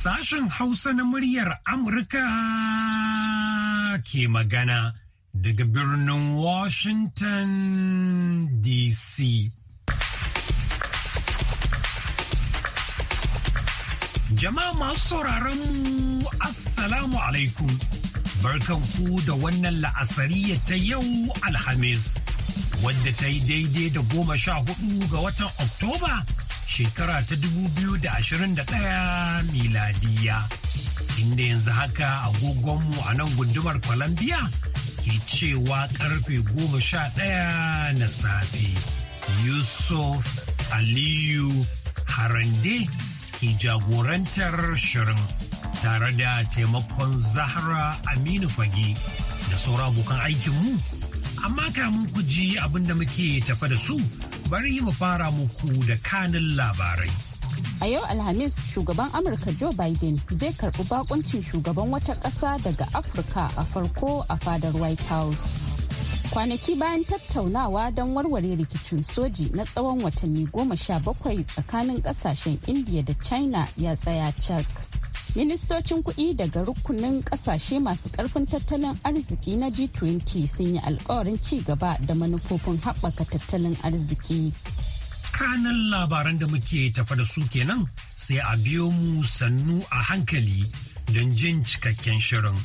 Sashen Hausa na muryar Amurka ke magana daga birnin Washington DC. Jama'a masu sauraron mu Assalamu alaikum. barkanku da wannan la'asariya ta yau Alhamis, wadda ta yi daidai da goma sha hudu ga watan Oktoba shekara ta dubu biyu da ashirin da ɗaya miladiya. Inda yanzu haka agogonmu a nan gundumar Colombia ke cewa karfe goma sha daya na safe. Yusuf Aliyu Harande ke jagorantar shirin. tare da taimakon Zahra Aminu Fage da sauran abokan aikinmu. Amma kamun ku ji abin da muke tafa da su bari mu fara muku da kanin labarai. A yau Alhamis shugaban Amurka Joe Biden zai karbi bakuncin shugaban wata ƙasa daga Afirka a farko a fadar White House. Kwanaki bayan tattaunawa don warware rikicin soji na tsawon watanni goma sha bakwai tsakanin kasashen Indiya da China ya tsaya cak. ministocin kuɗi daga rukunin ƙasashe masu ƙarfin tattalin arziki na g20 sun yi alkawarin ci gaba da manufofin haɓaka tattalin arziki kanan labaran da muke tafa da su kenan sai a biyo mu sannu a hankali don jin cikakken shirin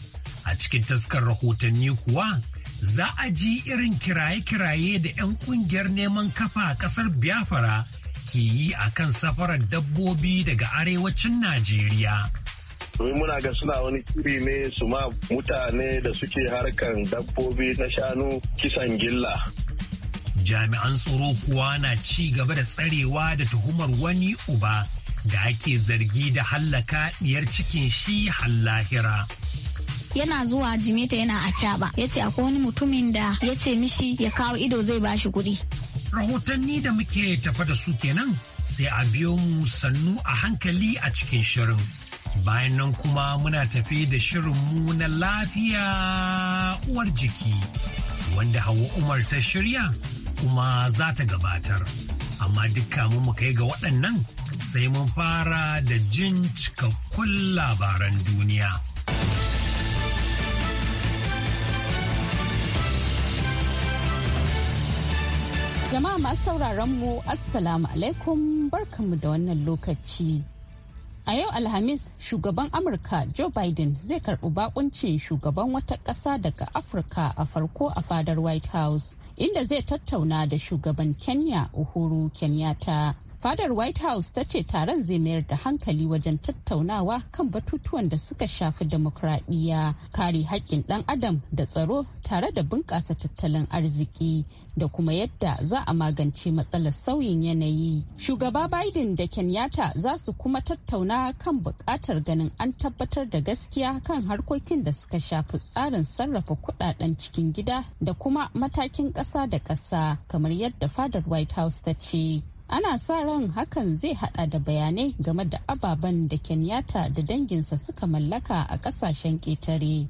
a cikin taskar rahotanni kuwa za a ji irin kiraye-kiraye da 'yan kungiyar neman kafa a kasar biafra ke yi a kan safarar dabbobi daga arewacin najeriya domin muna ga suna wani kiri ne su ma mutane da suke harkar dabbobi na shanu kisan gilla. Jami'an tsaro kuwa na ci gaba da tsarewa da tuhumar wani uba da ake zargi da hallaka diyar cikin shi hallahira. yana zuwa jimeta yana a caba ya ce akwai wani mutumin da ya ce mishi ya kawo ido zai bashi kuɗi. rahotanni da muke tafa da su kenan sai a biyo mu sannu a hankali a cikin shirin. Bayan nan kuma muna tafi da shirinmu na lafiya uwar jiki wanda Hawa Umar ta shirya kuma za ta gabatar. Amma dukka mu kai ga waɗannan sai mun fara da jin cikakkun labaran duniya. Jama'a masu sauraron mu Assalamu alaikum barkanmu da wannan lokaci. A yau Alhamis shugaban Amurka Joe Biden zai karɓi bakuncin shugaban wata ƙasa daga Afirka a farko a fadar White House inda zai tattauna da shugaban Kenya Uhuru Kenyatta. fadar white house ta ce taron zai mayar da hankali wajen tattaunawa kan batutuwan da suka shafi demokradiyya kare haƙƙin ɗan adam da tsaro tare da bunƙasa tattalin arziki da kuma yadda za a magance matsalar sauyin yanayi shugaba biden da kenyatta za su kuma tattauna kan buƙatar ganin an tabbatar da gaskiya kan harkokin da suka shafi tsarin sarrafa kudaden cikin gida da kuma matakin ƙasa da ƙasa kamar yadda fadar white house ta ce ana sa ran hakan zai hada da bayanai game da ababen da kenyatta da danginsa suka mallaka a kasashen ƙetare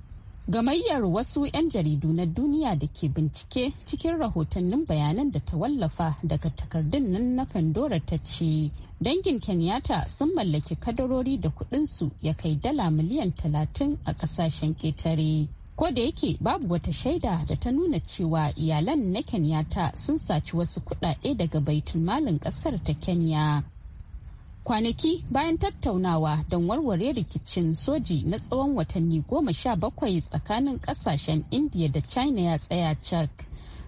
gamayyar wasu 'yan jaridu na duniya da ke bincike cikin rahotannin bayanan da ta wallafa daga takardun nan na pandora ta ce dangin kenyatta sun mallaki kadarori da kudinsu ya kai dala miliyan 30 a kasashen ƙetare ko da yake babu wata shaida da ta nuna cewa iyalan na kenyatta sun saci wasu kudade daga baitul malin kasar ta kenya kwanaki bayan tattaunawa don warware rikicin soji na tsawon watanni goma sha bakwai tsakanin kasashen india da china ya tsaya chak.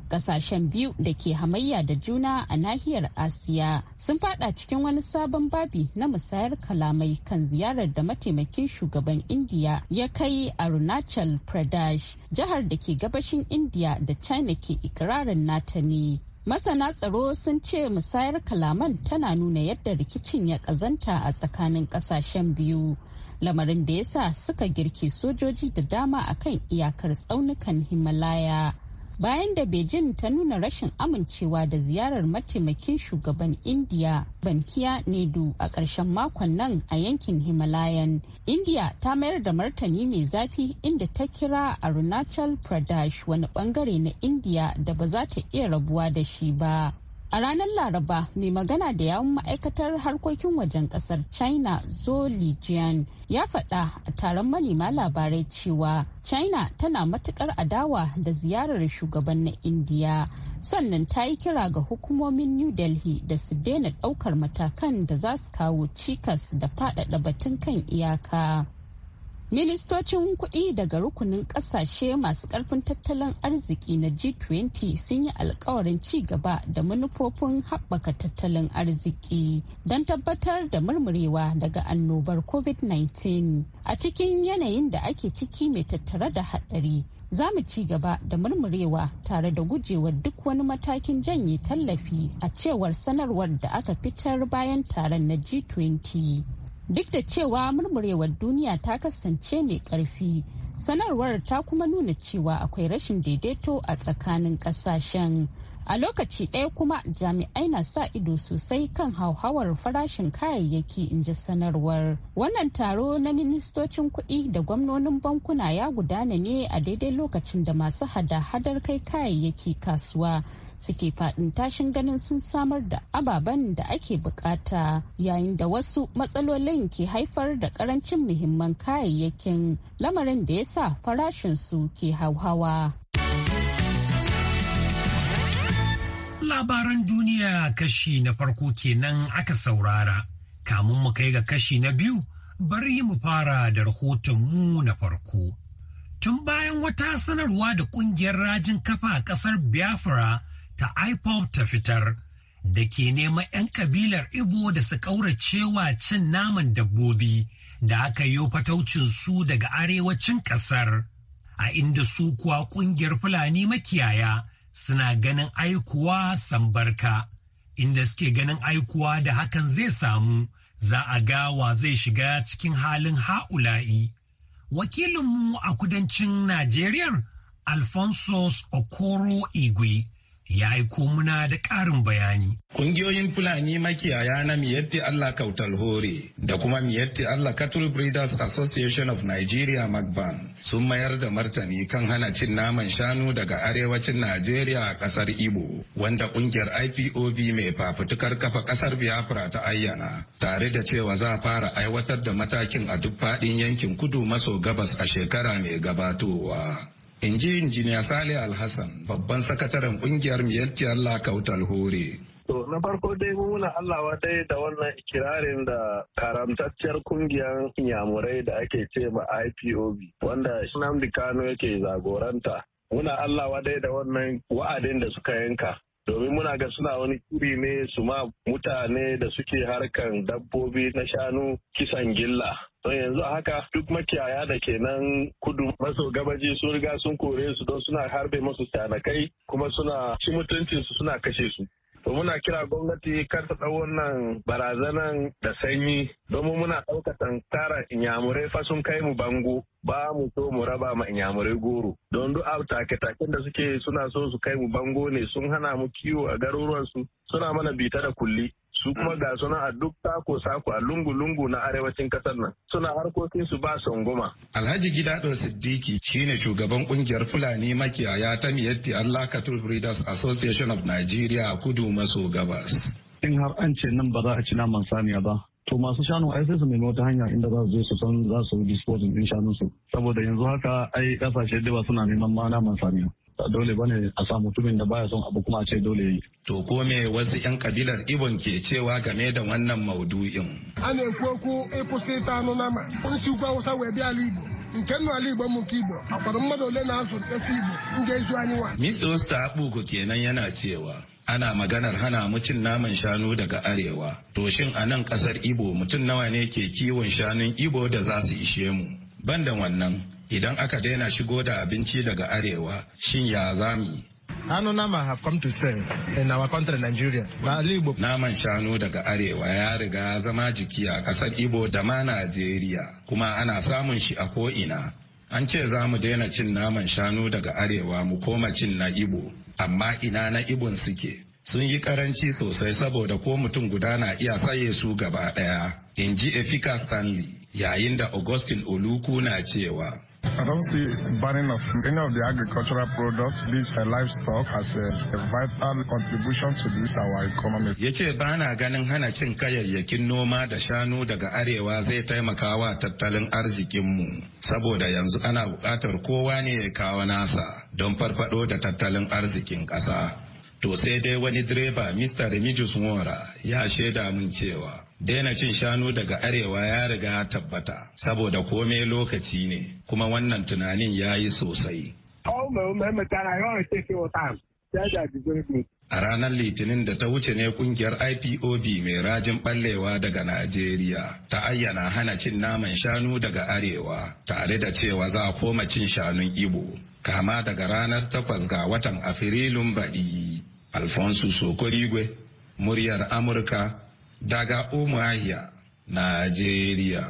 kasashen biyu da ke hamayya da juna a nahiyar asiya sun fada cikin wani sabon babi na musayar kalamai kan ziyarar da mataimakin shugaban indiya ya kai arunachal pradesh jihar da ke gabashin indiya da china ke ikirarin nata ne masana tsaro sun ce musayar kalaman tana nuna yadda rikicin ya kazanta a tsakanin kasashen biyu lamarin da ya sa suka girki sojoji da dama akan iyakar tsaunukan himalaya bayan da beijing ta nuna rashin amincewa da ziyarar mataimakin shugaban india bankiya nedu a ƙarshen makon nan a yankin himalayan indiya ta mayar da martani mai zafi inda ta kira arunachal pradesh wani bangare na indiya da ba za ta iya rabuwa da shi ba A ranar Laraba, mai magana da yawun ma'aikatar harkokin wajen kasar China zolijan Lijian, ya faɗa a taron manema labarai cewa China tana matukar adawa da ziyarar shugaban na India. Sannan ta yi kira ga hukumomin New Delhi da su daina ɗaukar matakan da za su kawo cikas da faɗaɗa batun kan iyaka. Ministocin kuɗi daga rukunin ƙasashe masu ƙarfin tattalin arziki na G20 sun yi alkawarin ci gaba da manufofin haɓaka tattalin arziki don tabbatar da murmurewa daga annobar COVID-19 a cikin yanayin da ake ciki mai tattare da haɗari. Za mu ci gaba da murmurewa tare da gujewa duk wani matakin janye tallafi a cewar sanarwar da aka fitar bayan taron na G20. duk da cewa murmurewar duniya ta kasance mai karfi sanarwar ta kuma nuna cewa akwai rashin daidaito a tsakanin kasashen a lokaci ɗaya kuma jami'ai na sa ido sosai kan hauhawar farashin kayayyaki in ji sanarwar wannan taro na ministocin kuɗi da gwamnonin bankuna ya gudana ne a daidai lokacin da masu hada-hadar kai kayayyaki kasuwa suke faɗin tashin ganin sun samar da ababen da ake bukata yayin da wasu matsalolin ke haifar da karancin muhimman kayayyakin lamarin da ya sa farashinsu ke hauhawa. Labaran duniya kashi na farko kenan aka saurara, kamun mu kai ga kashi na biyu bari mu fara da rahoton mu na farko. Tun bayan wata sanarwa da kungiyar rajin kafa a ƙasar Biafra ta IPOP ta fitar da ke neman 'yan kabilar Igbo da su ƙauracewa cin naman dabbobi da aka yi su daga arewacin ƙasar. A inda su kuwa ƙungiyar Fulani makiyaya suna ganin aikuwa sambarka, inda suke ganin aikuwa da hakan zai samu za a wa zai shiga cikin halin ha'ula'i. Wakilinmu a kudancin Najeriya, Alphonsus Okoro Igwe. ya aiko muna da ƙarin bayani. Ƙungiyoyin Fulani makiyaya na Miyatti Allah Kautal Hore da kuma Miyatti Allah Cattle Breeders Association of Nigeria Magban sun mayar da martani kan hana cin naman shanu daga arewacin Najeriya a ƙasar Igbo wanda ƙungiyar IPOB mai fafutukar kafa ƙasar Biafra ta ayyana tare da cewa za a fara aiwatar da matakin a duk faɗin yankin kudu maso gabas a shekara mai gabatowa. in ji injiniya sale alhassan babban sakataren kungiyar miyarki allah kautal hore To na farko dai muna Allah dai da wannan ikirarin da karamtacciyar kungiyar inyamurai da ake ce ma IPOB wanda Nnamdi Kano yake zagoranta. Muna Allah dai da wannan wa'adin da suka yanka domin muna ga suna wani kuri ne su ma mutane da suke harkan dabbobi na shanu kisan gilla don yanzu a haka duk makiyaya da ke nan kudu maso gabaji sun riga sun kore su don suna harbe masu tanakai kuma suna ci mutuncinsu suna kashe su to muna kira gwamnati kar ta ɗau wannan barazanan da sanyi domin muna ɗaukatan tara inyamurai fa sun kai mu bango ba mu so mu raba ma inyamurai goro don duk take-taken da suke suna so su kai mu bango ne sun hana mu kiwo a garuruwansu suna mana bita da kulli su kuma ga suna a duk sako sako a lungu lungu na arewacin kasar nan suna harkokin su ba goma. Alhaji Gidado Siddiki shine shugaban kungiyar Fulani makiyaya ta Miyatti Allah Katul Breeders Association of Nigeria kudu maso gabas. In har an ce nan ba za a ci naman saniya ba, to masu shanu ai sai su nemi wata hanya inda za su je su san za su disposing din shanun su saboda yanzu haka ai kasashe da ba suna neman ma naman saniya dole bane a sa mutumin da baya son abu kuma a ce dole yi. To ko me wasu 'yan kabilar Ibon ke cewa game da wannan maudu'in? A na-ekwu okwu ko ịta ta nama, nsi ukwu Hausa wee bịa ala Igbo. nke nọ ala igbo mụka igbo akwado mmadụ ole na-azụ efe igbo ndị ezu anyị nwa. Mr. Osta Akpuku kenan yana cewa ana maganar hana mutum naman shanu daga arewa to shin a nan kasar ibo mutum nawa ne ke kiwon shanun ibo da za su ishe mu banda wannan idan aka daina shigo da abinci daga arewa shin ya zami Hannu nama have come to in our country Nigeria. Naman shanu daga arewa ya riga zama jiki a kasar Ibo da ma Najeriya kuma ana samun shi a ko'ina. An ce za mu daina cin naman shanu daga arewa mu koma cin na Ibo, amma ina na Ibon suke. Sun yi karanci sosai saboda ko mutum guda na iya saye su gaba ɗaya, in ji Efika Stanley, yayin da Augustine Oluku na cewa. I don't see banning of any of the agricultural products, this uh, livestock, as a, a vital contribution to this our economy. Ya ce ba na ganin hana cin kayayyakin noma da shanu daga arewa zai taimaka wa tattalin arzikinmu, saboda yanzu ana buƙatar kowa ne ya kawo nasa don farfado da tattalin arzikin ƙasa. To sai dai wani direba Mr. Remigius Mora ya shaida min cewa daina cin shanu daga arewa ya riga tabbata saboda kome lokaci ne kuma wannan tunanin ya yi sosai. A ranar Litinin da ta wuce ne kungiyar IPOB mai rajin ɓallewa daga Najeriya ta ayyana hana cin naman shanu daga Arewa tare da cewa za a koma cin shanun Igbo kama daga ranar takwas ga watan Afrilun baɗi. Alfonso Sokorigwe, muryar Amurka daga Umuahia, Najeriya.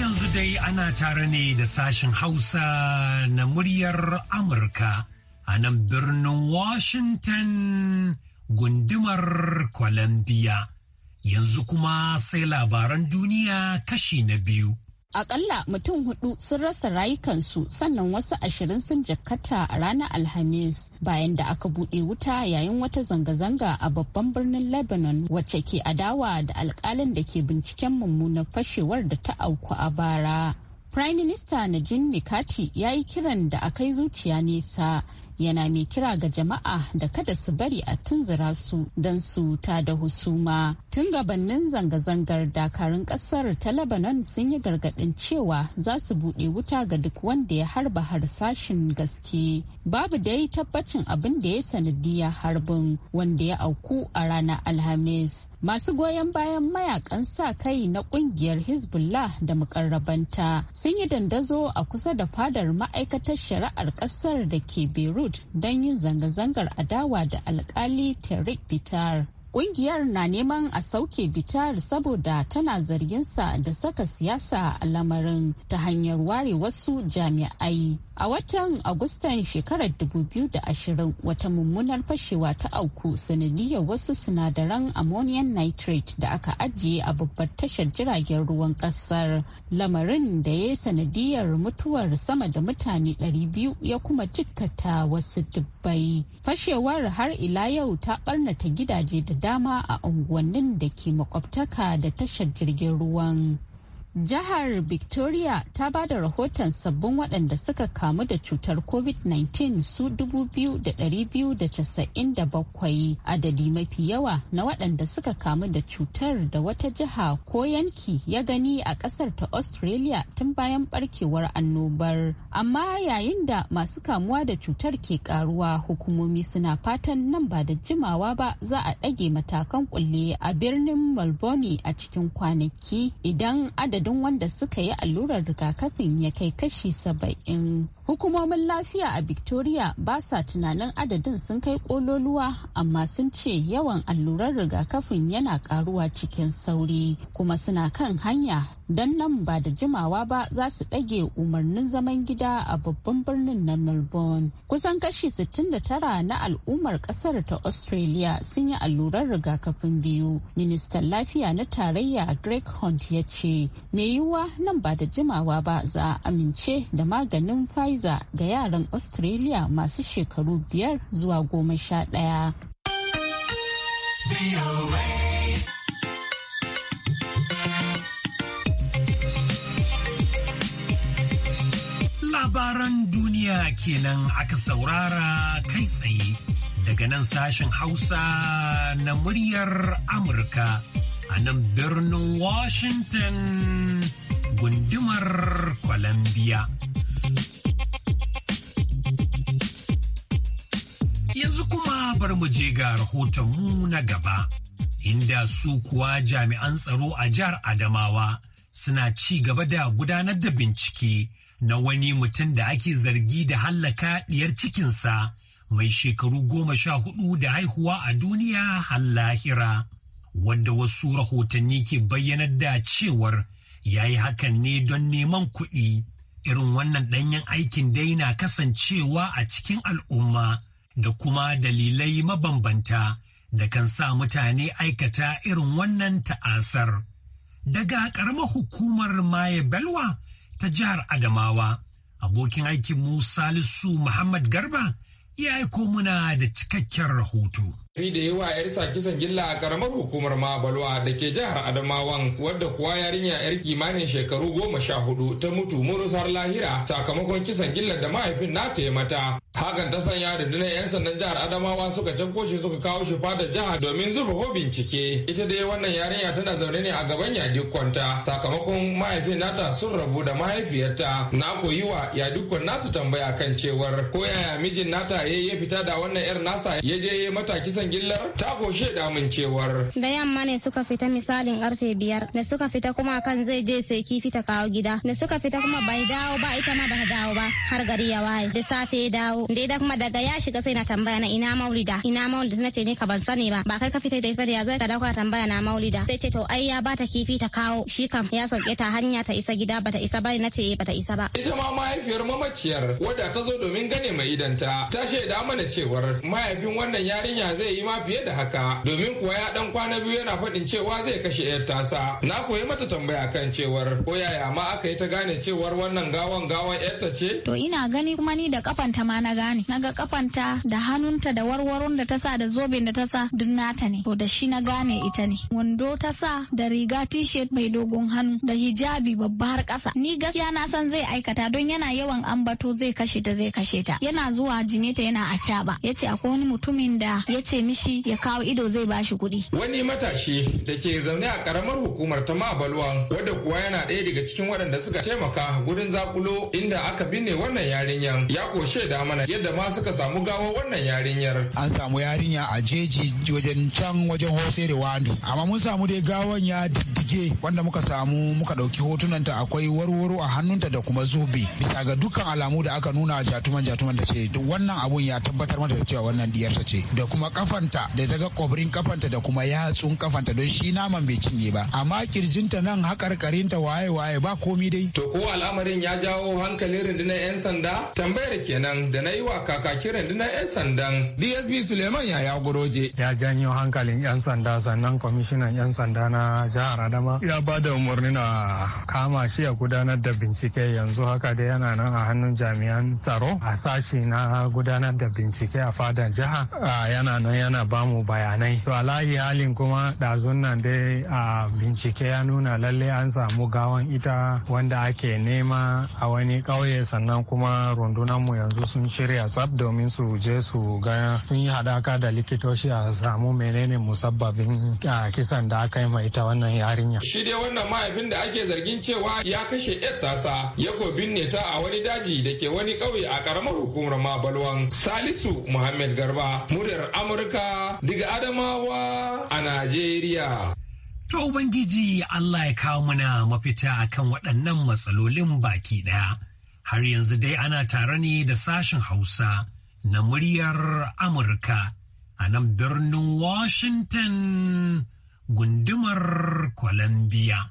yanzu dai ana tare ne da sashen Hausa na muryar Amurka a nan birnin Washington gundumar Columbia. Yanzu kuma sai labaran duniya kashi na biyu. Akalla mutum hudu sun rasa rayukansu sannan wasu ashirin sun jakkata a ranar Alhamis bayan da aka buɗe wuta yayin wata zanga-zanga a babban birnin Lebanon wacce ke adawa da alkalin da ke binciken mummunar fashewar da ta auku a bara. Prime Minister Najin Mikati ya yi kiran da aka yi zuciya nesa yana mai kira ga jama'a da kada su bari a tunzura su don su ta da husuma tun gabanin zanga-zangar dakarun kasar ta lebanon sun yi gargadin cewa za su buɗe wuta ga duk wanda ya harba harsashin gaske babu dai tabbacin abin da ya sanadiyya harbin wanda ya auku a ranar alhamis masu goyon bayan mayakan sa kai na kungiyar hezbollah da mukarrabanta sun yi dandazo a kusa da fadar ma'aikatar shari'ar kasar da ke beirut don yin zanga-zangar adawa da alkali tariq bitar Ƙungiyar na neman a sauke bitar saboda tana zarginsa da saka siyasa a lamarin ta hanyar ware wasu jami'ai. A watan Agustan shekarar 2020 wata mummunar fashewa ta auku sanadiyar wasu sinadaran ammonium nitrate da aka ajiye a babbar tashar jiragen ruwan kasar lamarin da ya sanadiyar mutuwar sama da mutane 200 ya kuma jikkata wasu dubbai. Fashewar har ila yau ta barnata gidaje da dama a unguwannin da ke makwabtaka da tashar jirgin ruwan. Jihar Victoria ta ba da rahoton sabbin waɗanda suka kamu da cutar COVID-19 su 2,297 adadi mafi yawa na waɗanda suka kamu da cutar da wata jiha ko yanki ya gani a ƙasar ta Australia tun bayan ɓarkewar annobar. Amma yayin da masu kamuwa da cutar ke ƙaruwa hukumomi suna fatan nan ba da jimawa ba za a ɗage matakan a a birnin Melbourne a cikin kwanaki idan adadin adadin wanda suka yi allurar rigakafin ya kai kashi saba'in. Hukumomin lafiya a Victoria ba sa tunanin adadin sun kai kololuwa amma sun ce yawan allurar rigakafin yana karuwa cikin sauri kuma suna kan hanya don nan ba da jimawa ba za su ɗage umarnin zaman gida a babban birnin na melbourne kusan kashi 69 na al'ummar ƙasar ta australia sun yi allurar rigakafin biyu ministan lafiya na tarayya greg hunt ya ce mai yiwuwa nan ba da jimawa ba za a amince da maganin pfizer ga yaran australia masu shekaru biyar zuwa goma sha ɗaya. Labaran duniya kenan aka saurara kai tsaye daga nan sashen Hausa na muryar Amurka a nan birnin Washington gundumar Columbia. Yanzu kuma bar mu je ga rahotonmu na gaba, inda su kuwa jami'an tsaro a jihar Adamawa suna ci gaba da gudanar da bincike. na wani mutum da ake zargi da hallaka ɗiyar cikinsa mai shekaru goma sha hudu da haihuwa a duniya hallahira wanda wasu rahotanni ke bayyanar da cewar ya yi hakan ne don neman kuɗi irin wannan ɗanyen aikin dai na kasancewa a cikin al'umma da kuma dalilai mabambanta da kan sa mutane aikata irin wannan ta'asar daga ƙaramar hukumar maye belwa ta jihar Adamawa. Abokin aikin Musa Lissu Muhammad Garba ya aiko muna da cikakken rahoto. fi da yawa yarsa kisan gilla a karamar hukumar mabalwa da ke jihar Adamawa, wadda kuwa yarinya yar kimanin shekaru goma sha hudu ta mutu murusar har lahira sakamakon kisan gilla da mahaifin nata ya mata hakan ta sanya da dana yan sandan jihar adamawa suka cafko shi suka kawo shi fada jihar domin zuba ko bincike ita dai wannan yarinya tana zaune ne a gaban yadikwanta sakamakon mahaifin nata sun rabu da mahaifiyarta na koyi wa yadikwan nasu tambaya kan cewar ko yaya mijin nata ya fita da wannan yar nasa ya je mata kisan majalisar gillar ta goshe da amincewar. Da yamma ne suka fita misalin karfe biyar da suka fita kuma kan zai je sai kifi ta kawo gida da suka fita kuma bai dawo ba ita ma bata dawo ba har gari ya waye da safe ya dawo da ita kuma daga ya shiga sai na tambaya na ina maulida ina maulida na ce ni ka ban sani ba ba kai ka fita da ita ya zai ka dauka tambaya na maulida sai ce to ai ya bata kifi ta kawo shi kam ya sauke ta hanya ta isa gida bata isa ba na ce eh bata isa ba. Ita ma mahaifiyar mamaciyar wadda ta zo domin gane mai idanta ta shaida mana cewar mahaifin wannan yarinya zai zai yi ma fiye da haka domin kuwa ya dan kwana biyu yana faɗin cewa zai kashe yar tasa na koyi mata tambaya kan cewar ko yaya ma aka yi ta gane cewar wannan gawan gawan yarta ce to ina gani kuma ni da kafanta ma na gane naga kafanta da hannunta da warwaron da ta sa da zoben da ta sa duk nata ne to da shi na gane ita ne wando ta sa da riga t-shirt mai dogon hannu da hijabi babba har kasa ni gaskiya na san zai aikata don yana yawan ambato zai kashe ta zai kashe ta yana zuwa ta yana a caba yace akwai wani mutumin da yace zai mishi ya kawo ido zai bashi kuɗi. Wani matashi da ke zaune a karamar hukumar ta mabalwa wadda kuwa yana ɗaya daga cikin waɗanda suka taimaka gurin zakulo inda aka binne wannan yarinyar ya koshe da mana yadda ma suka samu gawo wannan yarinyar. An samu yarinya a jeji wajen can wajen Hosere wani amma mun samu dai gawan ya diddige wanda muka samu muka ɗauki hotunanta akwai warwaro a hannunta da kuma zobe bisa ga dukkan alamu da aka nuna jatuman jatuman da ce wannan abun ya tabbatar mata da cewa wannan diyarta ce da kuma kafa kafanta da ta ga kwabrin kafanta da kuma yatsun kafanta don shi naman bai cinye ba amma kirjinta nan hakarkarinta waye waye ba komi dai to ko al'amarin ya jawo hankalin rundunar yan sanda tambayar kenan da na yi wa kakakin rundunar yan sandan dsb suleiman ya goroje ya janyo hankalin yan sanda sannan kwamishinan yan sanda na jihar adama ya ba da umarni na kama shi ya gudanar da bincike yanzu haka da yana nan a hannun jami'an tsaro a sashi na gudanar da bincike a fadar jiha yana nan yana ba mu bayanai to alahi halin kuma ɗazun nan dai a bincike ya nuna lalle an samu gawan ita wanda ake nema a wani ƙauye sannan kuma rundunar mu yanzu sun shirya tsab domin su je su ga sun yi hadaka da likitoci a samu menene musabbabin kisan da aka yi ma ita wannan yarinya shi dai wannan mahaifin da ake zargin cewa ya kashe yar tasa ya ko binne ta a wani daji da ke wani ƙauye a karamar hukumar mabalwan salisu muhammad garba muryar amurka Amurka daga Adamawa a Najeriya. To Ubangiji Allah ya kawo mana mafita akan waɗannan matsalolin baki ɗaya. Har yanzu dai ana tare ne da sashen Hausa na muryar Amurka a nan birnin Washington gundumar Columbia.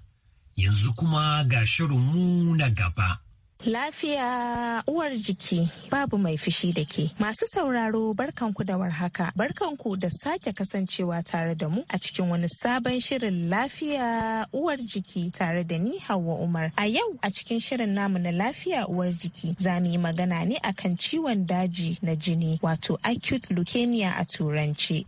Yanzu kuma ga shirinmu na gaba. Lafiya uwar jiki babu mai fushi da ke. Masu sauraro barkanku da warhaka. Barkanku da sake kasancewa tare da mu a cikin wani sabon shirin lafiya uwar jiki tare da ni Hauwa Umar. A yau a cikin shirin namu na lafiya uwar jiki za mu yi magana ne akan ciwon daji na jini wato acute leukemia a turanci.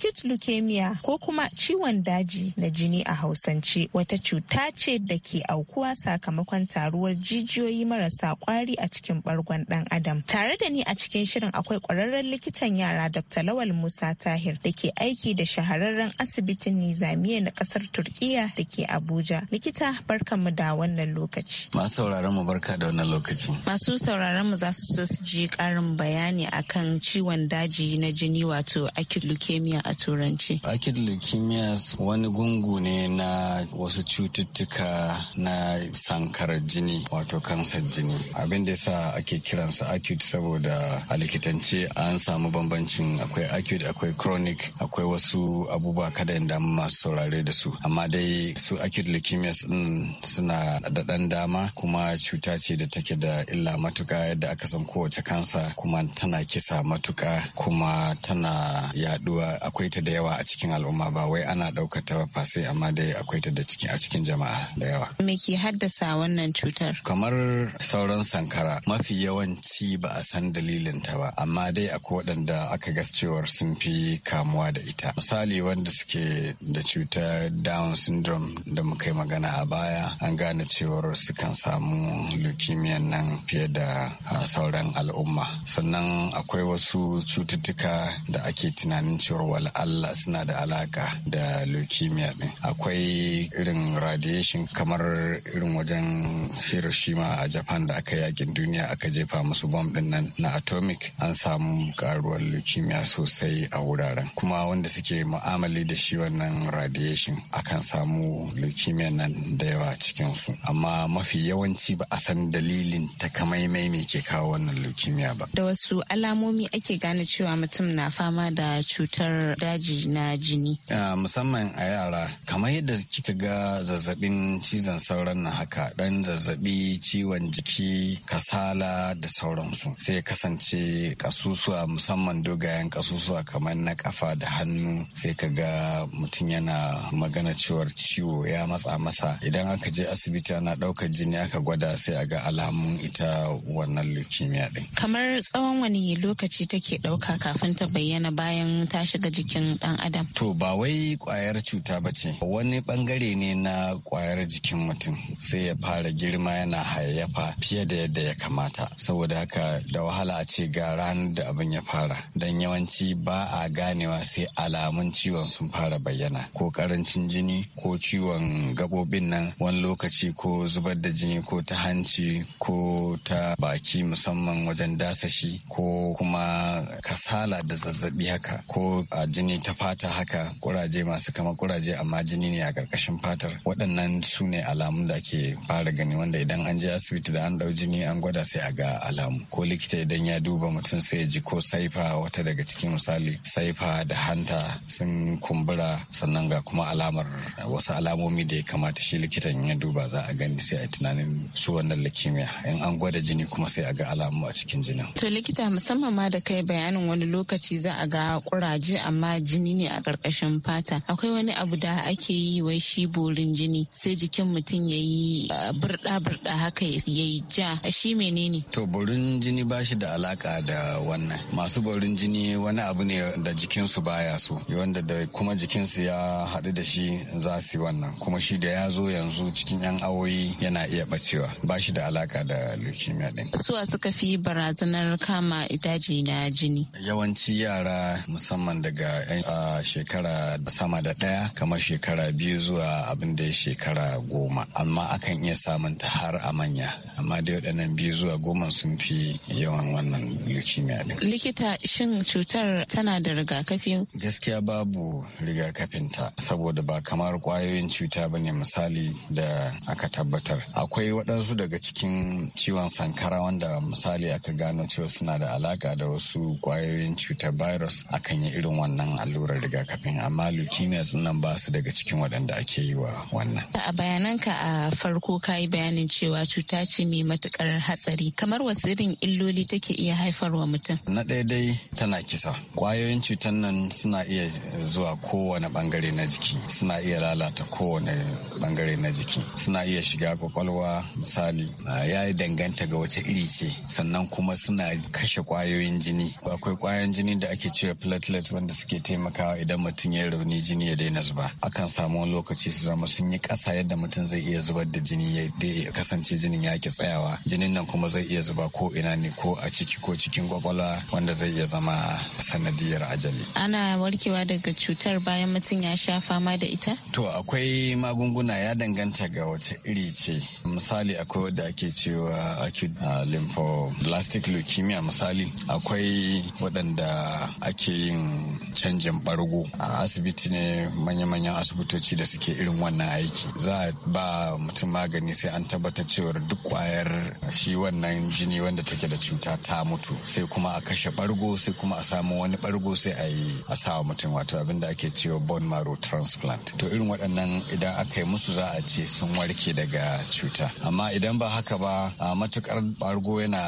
acute leukemia ko kuma ciwon daji na jini a hausance wata cuta ce da ke aukuwa sakamakon taruwar jijiyoyi marasa kwari a cikin bargon dan adam tare da ni a cikin shirin akwai kwararren likitan yara dr lawal musa tahir da ke aiki da shahararren asibitin nizamiya na kasar turkiya da ke abuja likita barkanmu da wannan lokaci masu sauraron mu barka da wannan lokaci masu sauraron mu za su so su ji karin bayani akan ciwon daji na jini wato acute leukemia a turanci. Akid leukemias wani gungu ne na wasu cututtuka na sankarar jini wato kansar jini. Abin da yasa ake kiransa acute saboda a likitance an samu bambancin akwai acute akwai chronic akwai wasu abubuwa kada da masu saurare da su. Amma dai su acute leukemia suna da ɗan dama kuma cuta ce da take da illa matuka yadda aka san kowace kansa kuma tana kisa matuka kuma tana yaduwa akwai akwai ta da yawa a cikin al'umma ba wai ana ɗaukar ta ba sai amma dai akwai ta da ciki a cikin jama'a da yawa. Me ke haddasa wannan cutar? Kamar sauran sankara mafi yawanci ba a san dalilin ta ba amma dai akwai waɗanda aka ga cewar sun fi kamuwa da ita. Misali wanda suke da cutar Down syndrome da muka yi magana a baya an gane cewar sukan samu leukemia nan fiye da sauran al'umma. Sannan akwai wasu cututtuka da ake tunanin cewar wala Allah suna da alaka da leukemia din akwai irin radiation kamar irin wajen Hiroshima a Japan da aka yakin duniya aka jefa musu bomb din nan na atomic an samu karuwar leukemia sosai a wuraren kuma wanda suke mu'amali da shi wannan radiation akan samu leukemia nan da yawa cikin su amma mafi yawanci ba a san dalilin takamaimai me ke kawo wannan leukemia ba da wasu alamomi ake gane cewa mutum na fama da cutar daji na jini. Musamman a yara, kamar yadda kika ga zazzabin cizon sauran na haka ɗan zazzabi ciwon jiki kasala da sauransu sai kasance kasusuwa musamman dogayen kasusuwa kamar na kafa da hannu sai ka ga mutum yana magana cewar ciwo ya matsa masa idan aka je asibiti ana ɗauka jini aka gwada sai a ga alamun ita wannan leukemia ɗin. kamar tsawon wani lokaci take ɗauka kafin ta bayyana bayan ta shiga jikin dan adam to ba wai kwayar cuta ba ce wani bangare ne na kwayar jikin mutum sai ya fara girma yana hayayyafa fiye da yadda ya kamata saboda haka da wahala a ce ga ranar da abin ya fara dan yawanci ba a ganewa sai alamun ciwon sun fara bayyana ko karancin jini ko ciwon gabobin nan wani lokaci ko zubar da jini ko ta hanci ko ta baki musamman wajen dasashi ko kuma kasala da zazzabi haka ko a jini ta fata haka kuraje masu kama kuraje amma jini ne a karkashin fatar waɗannan su ne alamun da ake fara gani wanda idan an je asibiti da an ɗau jini an gwada sai a ga alamu ko likita idan ya duba mutum sai ya ji ko saifa wata daga cikin misali saifa da hanta sun kumbura sannan ga kuma alamar wasu alamomi da ya kamata shi likitan ya duba za a gani sai a tunanin su wannan leukemia in an gwada jini kuma sai a ga alamu a cikin jinin. To likita musamman ma da kai bayanin wani lokaci za a ga kuraje amma amma jini ne a ƙarƙashin fata akwai wani abu da ake yi wai shi borin jini sai jikin mutum ya yi burɗa burɗa haka ya yi ja shi menene to borin jini ba shi da alaka da wannan masu borin jini wani abu ne da jikinsu baya so wanda da kuma jikinsu ya haɗu da shi za su wannan kuma shi da ya zo yanzu cikin yan awoyi yana iya bacewa ba shi da alaka da leukemia din suwa suka fi barazanar kama daji na jini yawanci yara musamman daga A yan shekara sama da ɗaya kamar shekara biyu zuwa abin da ya shekara goma amma akan iya samun ta har a manya amma dai waɗannan biyu zuwa goma sun fi yawan wannan leukemia likita shin cutar tana da rigakafi gaskiya babu rigakafin ta saboda ba kamar kwayoyin cuta ba ne misali da aka tabbatar akwai waɗansu daga cikin ciwon sankara wanda misali aka gano cewa suna da alaka da wasu kwayoyin cutar virus akan yi irin wannan wannan allurar rigakafin amma leukemia nan ba su daga cikin waɗanda ake yi wa wannan. A ka a farko ka yi bayanin cewa cuta ce mai matukar hatsari kamar wasu irin illoli take iya haifarwa mutum. Na ɗaya dai tana kisa. Kwayoyin cutar nan suna iya zuwa kowane bangare na jiki suna iya lalata kowane bangare na jiki suna iya shiga kwakwalwa misali ya yi danganta ga wace iri ce sannan kuma suna kashe kwayoyin jini akwai kwayoyin jini da ake cewa platelet wanda suke suke taimakawa idan mutum ya rauni jini ya daina zuba akan samu wani lokaci su zama sun yi ƙasa yadda mutum zai iya zubar da jini ya kasance jinin ya ki tsayawa jinin nan kuma zai iya zuba ko ina ne ko a ciki ko cikin kwakwalwa wanda zai iya zama sanadiyar ajali ana warkewa daga cutar bayan mutum ya sha fama da ita to akwai magunguna ya danganta ga wace iri ce misali akwai wadda ake cewa acute uh, lymphoblastic leukemia misali akwai waɗanda ake yin canjin bargo a asibiti ne manya-manyan asibitoci da suke irin wannan aiki za a ba mutum magani sai an tabbatar cewar duk kwayar shi wannan jini wanda take da cuta ta mutu sai kuma a kashe bargo sai kuma a samu wani bargo sai a yi a sawa mutum wato abin da ake cewa bone marrow transplant to irin waɗannan idan aka yi musu za a ce sun warke daga cuta amma idan ba haka ba a matukar bargo yana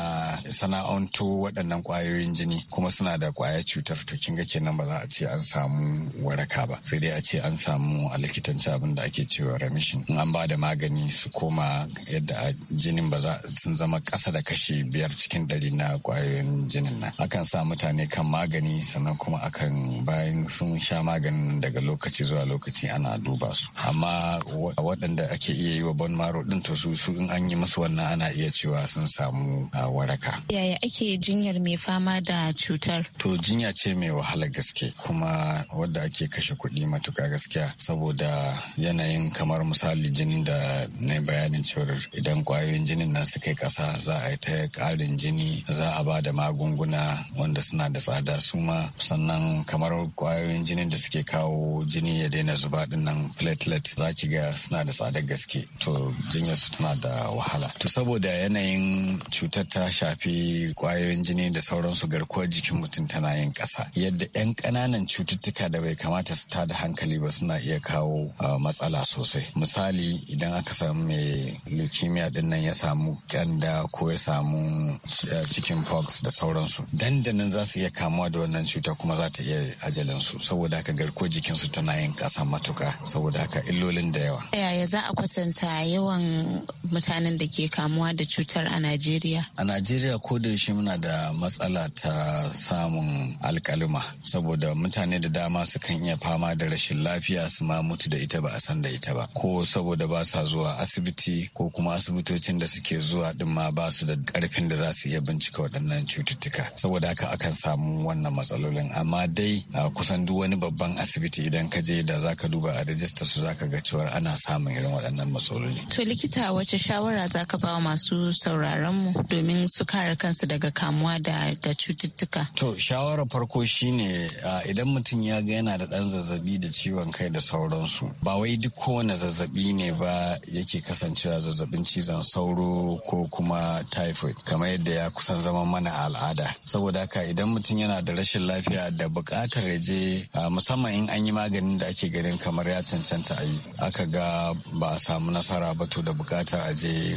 sana'anto waɗannan kwayoyin jini kuma suna da kwayar cutar to kinga kenan ba za a ce an samu waraka ba sai dai a ce an samu a likitanci abin da ake cewa remission in an ba da magani su koma yadda a jinin ba za sun zama kasa da kashi biyar cikin ɗari na kwayoyin jinin nan akan sa mutane kan magani sannan kuma akan bayan sun sha maganin daga lokaci zuwa lokaci ana duba su amma waɗanda ake iya yi wa bon maro ɗin to su su in an yi musu wannan ana iya cewa sun samu waraka yaya ake jinyar mai fama da cutar to jinya ce mai wahala gaske kuma wadda ake kashe kuɗi matuka gaskiya saboda yanayin kamar misali jinin da na bayanin cewar idan kwayoyin jinin nan suka yi ƙasa za a yi ta ƙarin jini za a ba da magunguna wanda suna da tsada su ma sannan kamar kwayoyin jinin da suke kawo jini ya daina zuba dinnan platelet za ki ga suna da tsada gaske to jinyar su tana da wahala to saboda yanayin cutar ta shafi kwayoyin jini da sauransu garkuwar jikin mutum tana yin ƙasa yadda 'yan kananan cututtuka da bai kamata su tada hankali ba suna iya kawo ah, matsala sosai misali idan aka samu mai leukemia din nan ya samu kyanda ko ya samu ah, chicken pox da sauransu dandanan za su iya kamuwa da wannan cuta kuma za ta iya ajalin su saboda haka garko jikin su tana yin kasa matuka saboda haka illolin da yawa yaya za a kwatanta yawan mutanen da ke kamuwa da cutar a najeriya a najeriya ko da shi muna da matsala ta samun alƙaluma saboda Da mutane da dama sukan iya fama da rashin lafiya su ma mutu da ita ba a san da ita ba ko saboda ba sa zuwa asibiti ko kuma asibitocin da suke zuwa din ma ba su da karfin da za su iya bincika waɗannan cututtuka saboda haka akan samu wannan matsalolin amma dai kusan duk wani babban asibiti idan ka je da zaka duba a rajista su zaka ga cewar ana samun irin waɗannan matsaloli to likita wace shawara zaka ba masu sauraron mu domin su kare kansu daga kamuwa da cututtuka to shawara farko shine idan mutum ya ga yana da ɗan zazzabi da ciwon kai da sauransu ba wai duk kowane zazzabi ne ba yake kasancewa zazzabin cizon sauro ko kuma typhoid kamar yadda ya kusan zama mana al'ada saboda haka idan mutum yana da rashin lafiya da buƙatar ya je musamman in an yi maganin da ake ganin kamar ya cancanta a yi aka ga ba a samu nasara ba to da buƙatar a je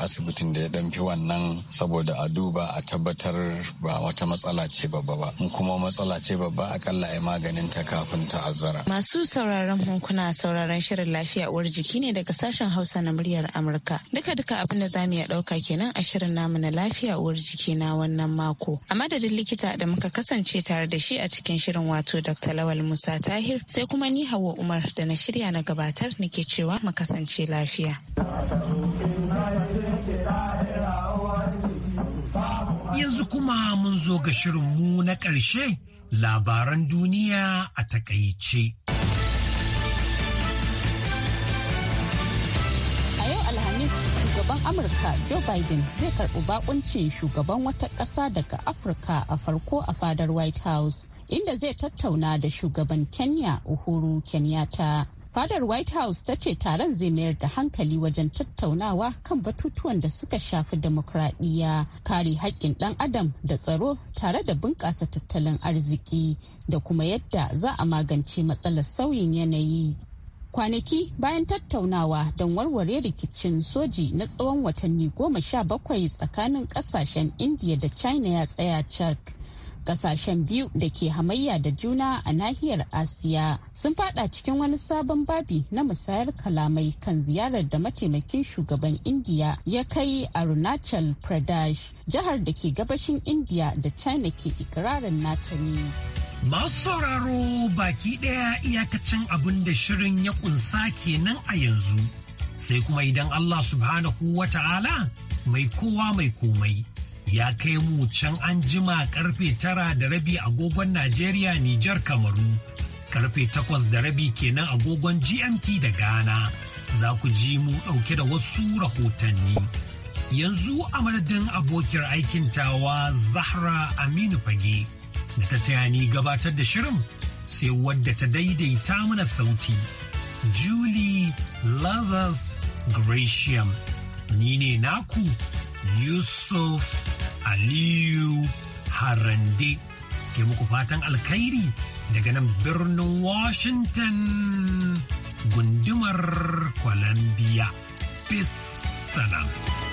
asibitin da ya ɗan wannan saboda a duba a tabbatar ba wata matsala ce babba ba in kuma matsala ce babba akalla ya maganin ta kafin ta'azzara. Masu sauraron hunkuna sauraron shirin lafiya uwar jiki ne daga sashen Hausa na muryar Amurka. Duka duka abin da mu iya ɗauka kenan a shirin namu na lafiya uwar jiki na wannan mako. A madadin likita da muka kasance tare da shi a cikin shirin wato Dr. Lawal Musa Tahir sai kuma ni Hauwa Umar da na shirya na gabatar nake cewa mu kasance lafiya. Yanzu kuma mun zo ga shirin mu na ƙarshe labaran duniya a takaice. A yau Alhamis shugaban Amurka Joe Biden zai karɓi bakuncin shugaban wata ƙasa daga Afirka a farko a fadar White House inda zai tattauna da shugaban Kenya Uhuru Kenyatta. fadar white house ta ce taron zai mayar da hankali wajen tattaunawa kan batutuwan da suka shafi demokradiyya kare haƙƙin ɗan adam da tsaro tare da bunƙasa tattalin arziki da kuma yadda za a magance matsalar sauyin yanayi kwanaki bayan tattaunawa don warware rikicin soji na tsawon watanni goma sha bakwai tsakanin kasashen india da china ya tsaya cak kasashen biyu da ke hamayya da juna a nahiyar asiya sun fada cikin wani sabon babi na musayar kalamai kan ziyarar da mataimakin shugaban indiya ya kai arunachal pradesh jihar da ke gabashin indiya da china ke ikirarin nata ne Masu sauraro baki daya iyakacin abin da shirin ya kunsa kenan a yanzu, sai kuma idan Allah subhanahu wa ta'ala mai kowa mai komai ya kai mu can an jima karfe tara da rabi agogon Najeriya Nijar Kamaru, karfe takwas da rabi kenan agogon GMT da Ghana za ku ji mu ɗauke da wasu rahotanni. Yanzu a madadin abokiyar aikin tawa Zahra Aminu Fage da ta tayani gabatar da shirin sai wadda ta daidaita mana sauti. Julie Lazarus Gratiam, ni ne naku Yusuf Aliyu Harande ke muku fatan alkhairi daga nan birnin Washington gundumar Columbia. Peace. Salam.